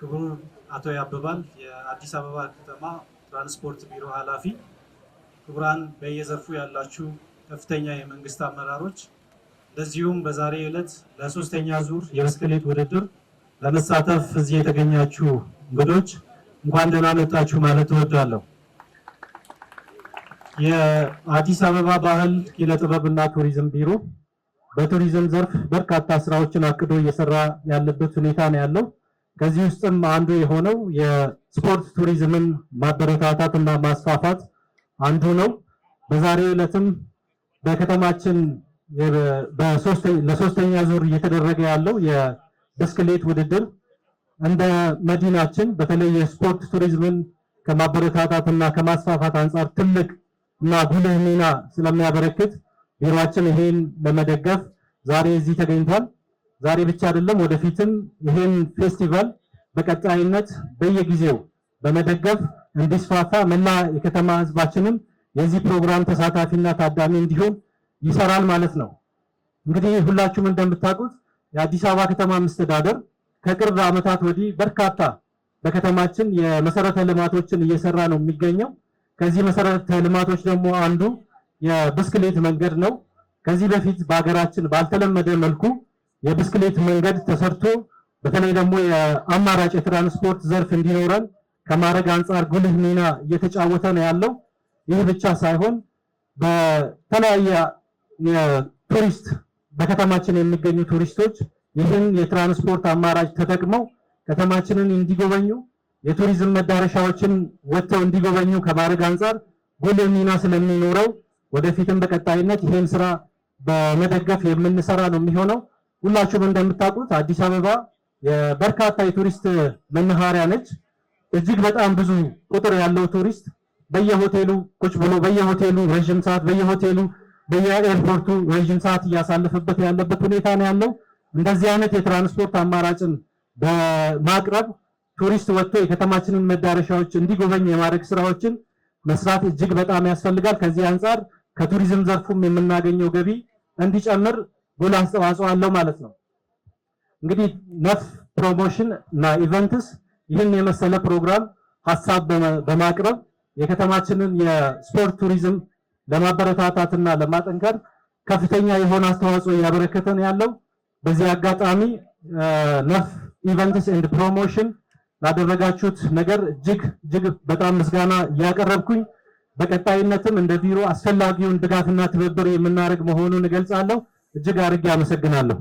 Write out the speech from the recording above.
ክቡር አቶ ያብባል የአዲስ አበባ ከተማ ትራንስፖርት ቢሮ ኃላፊ፣ ክቡራን በየዘርፉ ያላችሁ ከፍተኛ የመንግስት አመራሮች፣ እንደዚሁም በዛሬ ዕለት ለሶስተኛ ዙር የብስክሌት ውድድር ለመሳተፍ እዚህ የተገኛችሁ እንግዶች እንኳን ደህና መጣችሁ ማለት እወዳለሁ። የአዲስ አበባ ባህል ኪነ ጥበብና ቱሪዝም ቢሮ በቱሪዝም ዘርፍ በርካታ ስራዎችን አቅዶ እየሰራ ያለበት ሁኔታ ነው ያለው። ከዚህ ውስጥም አንዱ የሆነው የስፖርት ቱሪዝምን ማበረታታትና ማስፋፋት አንዱ ነው። በዛሬው ዕለትም በከተማችን ለሶስተኛ ዙር እየተደረገ ያለው የብስክሌት ውድድር እንደ መዲናችን በተለይ የስፖርት ቱሪዝምን ከማበረታታትና ከማስፋፋት አንጻር ትልቅ እና ጉልህ ሚና ስለሚያበረክት ቢሮችን ይሄን ለመደገፍ ዛሬ እዚህ ተገኝቷል። ዛሬ ብቻ አይደለም፣ ወደፊትም ይሄን ፌስቲቫል በቀጣይነት በየጊዜው በመደገፍ እንዲስፋፋ መላ የከተማ ህዝባችንም የዚህ ፕሮግራም ተሳታፊና ታዳሚ እንዲሆን ይሰራል ማለት ነው። እንግዲህ ሁላችሁም እንደምታውቁት የአዲስ አበባ ከተማ መስተዳደር ከቅርብ ዓመታት ወዲህ በርካታ በከተማችን የመሰረተ ልማቶችን እየሰራ ነው የሚገኘው። ከዚህ መሰረተ ልማቶች ደግሞ አንዱ የብስክሌት መንገድ ነው። ከዚህ በፊት በሀገራችን ባልተለመደ መልኩ የብስክሌት መንገድ ተሰርቶ በተለይ ደግሞ የአማራጭ የትራንስፖርት ዘርፍ እንዲኖረን ከማድረግ አንጻር ጉልህ ሚና እየተጫወተ ነው ያለው። ይህ ብቻ ሳይሆን በተለያየ የቱሪስት በከተማችን የሚገኙ ቱሪስቶች ይህን የትራንስፖርት አማራጭ ተጠቅመው ከተማችንን እንዲጎበኙ የቱሪዝም መዳረሻዎችን ወጥተው እንዲጎበኙ ከማድረግ አንጻር ጉልህ ሚና ስለሚኖረው ወደፊትም በቀጣይነት ይህን ስራ በመደገፍ የምንሰራ ነው የሚሆነው። ሁላችሁም እንደምታውቁት አዲስ አበባ የበርካታ የቱሪስት መናኸሪያ ነች። እጅግ በጣም ብዙ ቁጥር ያለው ቱሪስት በየሆቴሉ ቁጭ ብሎ በየሆቴሉ ረዥም ሰዓት በየሆቴሉ በየኤርፖርቱ ረዥም ሰዓት እያሳለፈበት ያለበት ሁኔታ ነው ያለው። እንደዚህ አይነት የትራንስፖርት አማራጭን በማቅረብ ቱሪስት ወጥቶ የከተማችንን መዳረሻዎች እንዲጎበኝ የማድረግ ስራዎችን መስራት እጅግ በጣም ያስፈልጋል። ከዚህ አንጻር ከቱሪዝም ዘርፉም የምናገኘው ገቢ እንዲጨምር ጉል አስተዋጽኦ አለው ማለት ነው። እንግዲህ ነፍ ፕሮሞሽን እና ኢቨንትስ ይህን የመሰለ ፕሮግራም ሀሳብ በማቅረብ የከተማችንን የስፖርት ቱሪዝም ለማበረታታትና ለማጠንከር ከፍተኛ የሆነ አስተዋጽኦ እያበረከተ ነው ያለው። በዚህ አጋጣሚ ነፍ ኢቨንትስ ኤንድ ፕሮሞሽን ላደረጋችሁት ነገር እጅግ እጅግ በጣም ምስጋና እያቀረብኩኝ በቀጣይነትም እንደ ቢሮ አስፈላጊውን ድጋፍና ትብብር የምናደርግ መሆኑን እገልጻለሁ። እጅግ አድርጌ አመሰግናለሁ።